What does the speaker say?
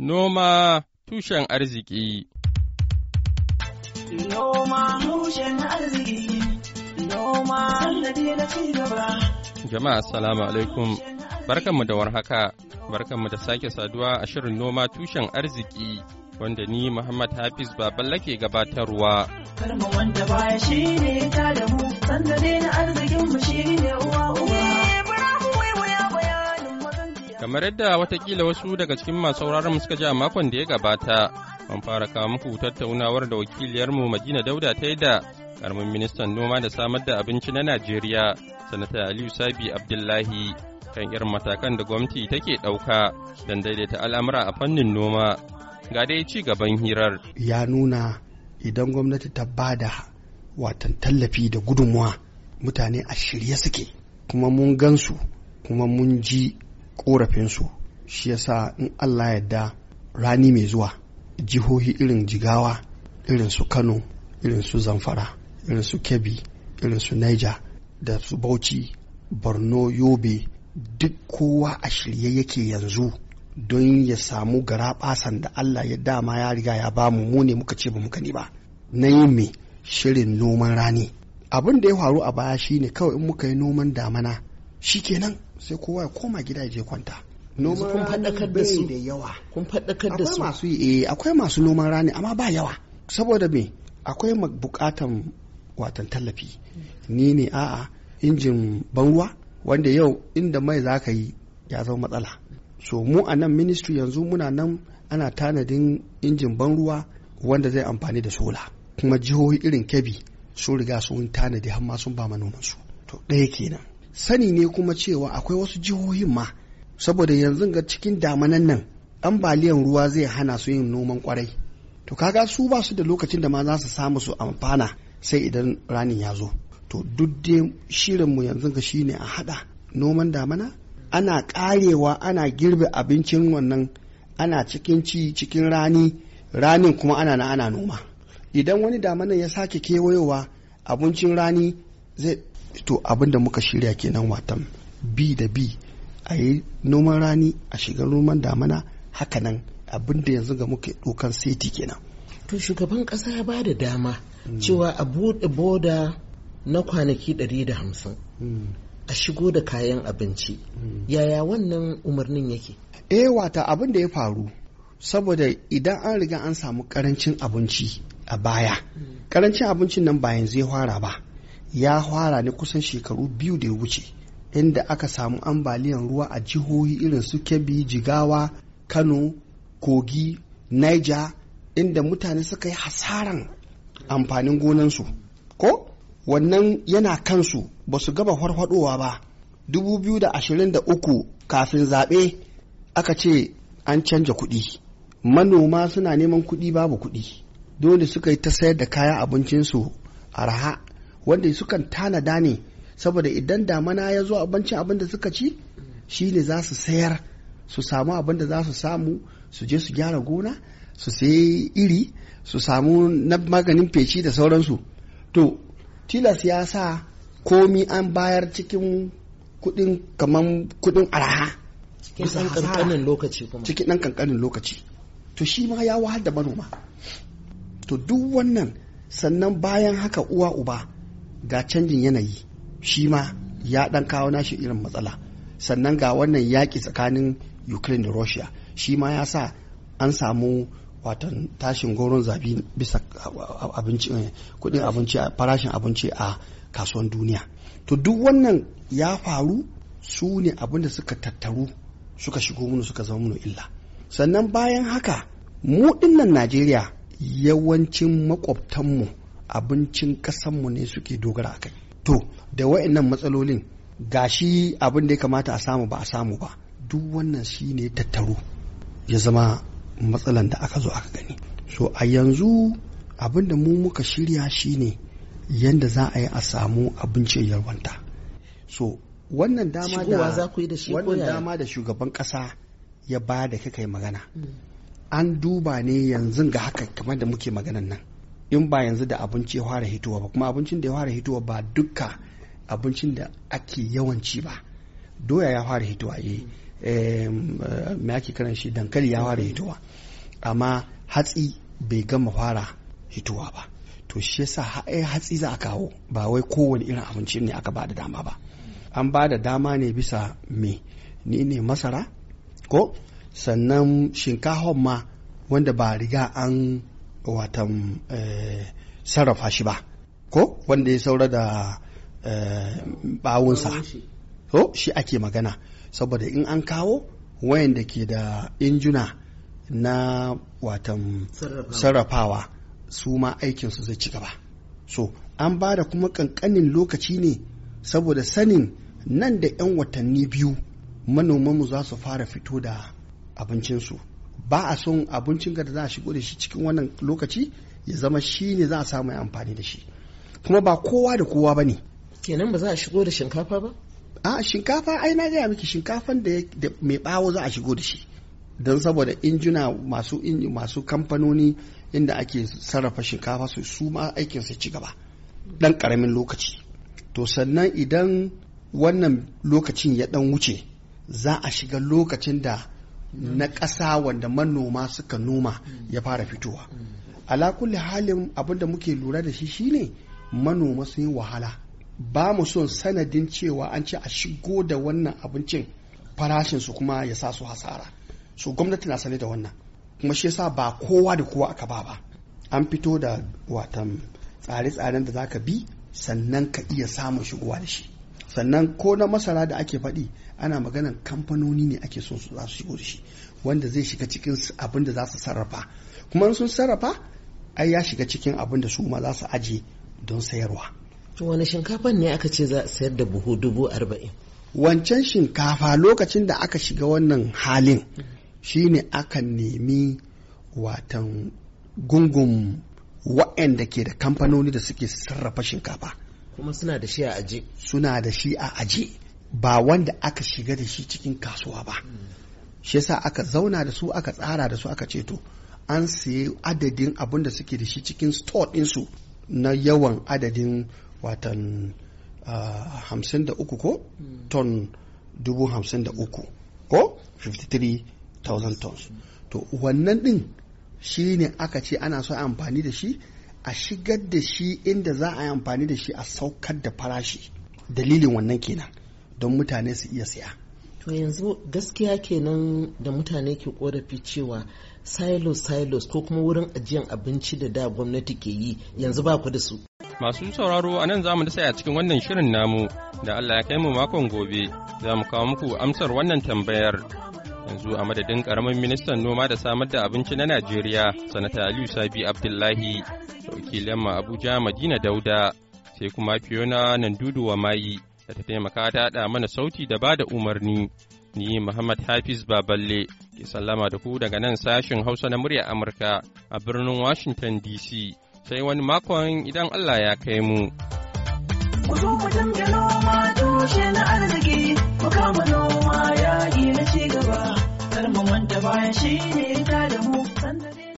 Noma tushen arziki Noma tushen arziki Noma na ci gaba Jama'a salamu alaikum barkanmu da warhaka barkanmu da sake saduwa a shirin noma tushen arziki wanda ni Muhammad Hafiz Baballa lake gabatarwa. Karma wanda baya shi ne ta da mu, sanda na arzikin mu shi ne uwa uwa. Kamar yadda watakila wasu daga cikin masu sauraron suka ji a makon da ya gabata, mun fara kawo muku tattaunawar da wakiliyarmu Madina Dauda ta yi da karamin ministan noma da samar da abinci na Najeriya, Sanata Aliyu Sabi Abdullahi, kan irin matakan da gwamnati take ɗauka don daidaita al'amura a fannin noma. Ga dai ci gaban hirar. Ya nuna idan gwamnati ta bada watan tallafi da gudunmuwa mutane a shirye suke kuma mun gansu kuma mun ji korafinsu shi yasa in allah yadda rani mai zuwa jihohi irin jigawa irin su kano irin su zamfara irin su kebbi irin su niger da su bauchi borno yobe duk kowa a shirye yake yanzu don ya samu gara basan da allah ya dama ya riga ya bamu mu ne muka ce ba muka ni ba na yin me shirin noman rani abin da ya faru a baya shine kawai in muka yi noman damana shikenan sai kowa ya koma gida je kwanta noman kun faɗakar da su da yawa kun faɗakar da su akwai masu eh akwai masu noman rani amma ba yawa saboda me akwai bukatan watan tallafi ni ne a'a injin ban ruwa wanda yau inda mai za ka yi ya zama matsala so mu a nan ministry yanzu muna nan ana tanadin injin ban ruwa wanda zai amfani da sola kuma jihohi irin kebi sun riga sun tanadi har ma sun ba manoman su to ɗaya kenan sani ne kuma cewa akwai wasu jihohin ma saboda yanzu ga cikin damanan nan ambaliyan ruwa zai hana su yin noman kwarai to kaga su ba su da lokacin da ma za su samu su amfana sai idan rani ya zo to duk shirin mu yanzu ga shine a hada noman damana ana karewa ana girbe abincin wannan ana cikin ci cikin rani ranin kuma ana na ana noma idan wani damanan ya sake kewayowa abincin rani zai to abinda muka shirya kenan watan bi da bi a yi noman rani a shiga noman damana hakanan abinda yanzu ga muke dokan seti kenan to shugaban kasa ya bada dama mm. cewa a bude boda na kwanaki 150 mm. a shigo da kayan abinci mm. yaya wannan umarnin yake eh wata abin da ya faru saboda idan an riga an samu karancin abinci a baya karancin abincin nan ba yanzu ya fara ba ya fara ne kusan shekaru biyu da ya wuce inda aka samu ambaliyan ruwa a jihohi irin su kebbi jigawa kano kogi niger inda mutane suka yi hasaran amfanin gonansu ko wannan yana kansu ba su gaba farfadowa ba 2023 kafin zaɓe aka ce an canja kuɗi manoma suna neman kuɗi babu kuɗi dole suka yi ta sayar da kayan abincinsu arha wanda sukan tanada ne saboda idan damana ya zo abincin abin da suka ci shi ne za su sayar su samu abin da za su samu su je su gyara gona su sayi iri su samu na maganin feshi da sauransu to tilas ya sa komi an bayar cikin kudin kaman kudin araha cikin ɗan kankanin lokaci to shi ma ya wahal da manoma to duk wannan sannan bayan haka uwa uba ga canjin yanayi shi ma ya dan kawo nashi irin matsala sannan ga wannan yaƙi tsakanin ukraine da russia shi ma ya sa an samu watan tashin goron zabi bisa kudin abinci farashin abinci a kasuwan duniya to duk wannan ya faru su ne abinda suka tattaru suka shigo mun suka zama munu illa sannan bayan haka mu dinnan najeriya yawancin makwabtanmu abincin ƙasanmu ne suke dogara kai. to da wa'annan matsalolin gashi abin da ya kamata a samu ba a samu ba duk wannan shi ne tattaro ya zama matsalan da aka zo aka gani so a yanzu abin da mu muka shirya shine yadda za a yi a samu abincin yarwanta so wannan dama da wannan dama da shugaban kasa ya ba da kai magana mm. an duba ne yanzu ga haka kamar da muke maganan nan in ba yanzu da abinci ya fara hitowa ba kuma abincin da ya fara hitowa ba dukka abincin da ake yawanci ba doya ya fara hitowa yi eh, eh, me ake kiran shi dankali ya fara hitowa amma hatsi bai gama fara hitowa ba to shi yasa eh, hatsi za a kawo ba wai kowane irin abinci ne aka ba da dama ba an ba da dama ne bisa me ni ne masara ko sannan shinkafa ma wanda ba riga an watan eh, sarrafa shi ba ko wanda ya saura da eh, bawunsa to shi ake magana saboda in an kawo wayanda ke da injuna na watan sarrafawa su ma aikinsu zai ci ba so an ba da kuma kankanin lokaci ne saboda sanin nan da 'yan watanni biyu manomanmu za su fara fito da abincinsu ba a son abincin da za a shigo da shi cikin wannan lokaci ya zama shi ne za a samu amfani da shi kuma ba kowa da kowa ba ne kenan ba za a shigo da shinkafa ba a shinkafa ai na gaya miki shinkafan da mai bawo za a shigo da shi don saboda injuna masu masu kamfanoni inda ake sarrafa shinkafa su su ma aikin su ci gaba dan karamin lokaci to sannan idan wannan lokacin ya dan wuce za a shiga lokacin da na ƙasa wanda manoma suka noma ya fara fitowa ala kulli halin abin da muke lura da shi shine manoma sun yi wahala ba mu son sanadin cewa an ce a shigo da wannan abincin farashin su kuma ya sa su hasara Su gwamnati na sane da wannan kuma shi yasa ba kowa da kowa aka ba ba an fito da watan tsare-tsaren da za ka bi sannan ka iya samun shigowa da shi sannan ko na masara da ake faɗi ana maganan kamfanoni ne ake so su za su shigo shi wanda zai shiga cikin abin da za su sarrafa kuma sun sarrafa ai ya shiga cikin abin da su ma za su aje don sayarwa to wani shinkafa ne aka ce za a sayar da buhu dubu arba'in wancan shinkafa lokacin da aka shiga wannan halin shine aka nemi watan gungun wa'anda ke da kamfanoni da suke sarrafa shinkafa kuma suna da shi a aje suna da shi a aje ba wanda aka shiga da shi cikin kasuwa ba shi yasa aka zauna da su aka tsara da su aka ce to an sayi adadin abin da suke da shi cikin store ɗinsu na yawan adadin watan ah, hamsin da uku ko ton dubu hamsin da uku ko 53,000 tons to wannan ɗin shi ne aka ce ana so amfani da shi a shigar da shi inda za a yi amfani da shi a saukar da farashi dalilin wannan kenan don mutane su iya siya to yanzu gaskiya kenan da mutane ke korafi cewa silos silos ko kuma wurin ajiyan abinci da da gwamnati ke yi yanzu ba ku da su masu sauraro a nan zamu dasa a cikin wannan shirin namu da allah ya kai mu makon gobe za mu kawo muku amsar wannan tambayar yanzu a madadin karamin ministan noma da samar da abinci na najeriya sanata aliyu sabi abdullahi da wakilin abuja madina dauda sai kuma fiona nandudu wa mayi da ta taimaka ta haɗa mana sauti da bada umarni ni muhammad hafiz baballe ke sallama da ku daga nan sashin hausa na murya amurka a birnin washington dc sai wani makon idan allah ya kai mu. arziki, mu kama noma yaƙi na cigaba. kar mu manta baya shi ne ta da mu